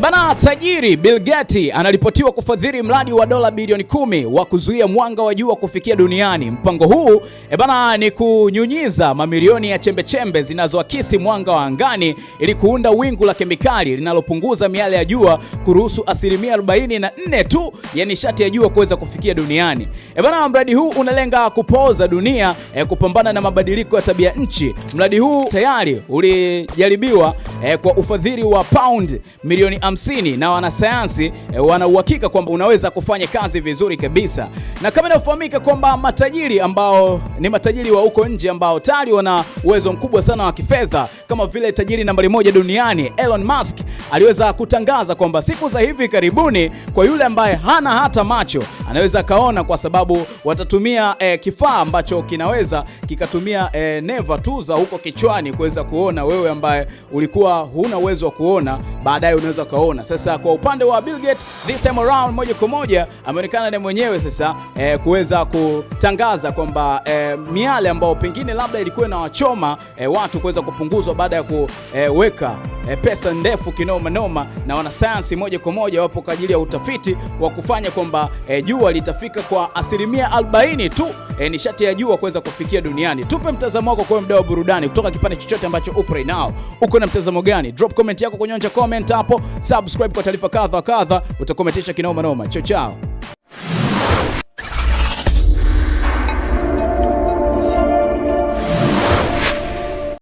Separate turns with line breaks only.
Bana, tajiri Bill Gates anaripotiwa kufadhili mradi wa dola bilioni kumi wa kuzuia mwanga wa jua kufikia duniani. Mpango huu eh bana ni kunyunyiza mamilioni ya chembechembe zinazoakisi mwanga wa angani ili kuunda wingu la kemikali linalopunguza miale ya jua kuruhusu asilimia 44 tu ya nishati ya jua kuweza kufikia duniani. Eh bana, mradi huu unalenga kupooza dunia e, kupambana na mabadiliko ya tabia nchi. Mradi huu tayari ulijaribiwa e, kwa ufadhili wa pound milioni hamsini na wanasayansi e, eh, wanauhakika kwamba unaweza kufanya kazi vizuri kabisa, na kama inavyofahamika kwamba matajiri ambao ni matajiri wa huko nje ambao tayari wana uwezo mkubwa sana wa kifedha kama vile tajiri nambari moja duniani Elon Musk aliweza kutangaza kwamba siku za hivi karibuni, kwa yule ambaye hana hata macho anaweza akaona, kwa sababu watatumia eh, kifaa ambacho kinaweza kikatumia eh, neva tu za huko kichwani kuweza kuona wewe ambaye ulikuwa huna uwezo wa kuona, baadaye unaweza ukaona. Sasa kwa upande wa Bill Gates, this time around moja kwa moja ameonekana na mwenyewe sasa eh, kuweza kutangaza kwamba eh, miale ambayo pengine labda ilikuwa inawachoma eh, watu kuweza kupunguzwa baada ya kuweka eh, eh, pesa ndefu kinoma noma, na wanasayansi moja kwa moja wapo kwa ajili ya utafiti wa kufanya kwamba eh, jua litafika kwa asilimia 40 tu e, nishati ya jua kuweza kufikia duniani. Tupe mtazamo wako kwa mdau wa burudani kutoka kipande chochote ambacho upo right now. Uko na mtazamo gani? Drop comment yako kwenye onja comment hapo, subscribe kwa taarifa kadha kadha, utakometisha kinoma noma. Chao chao.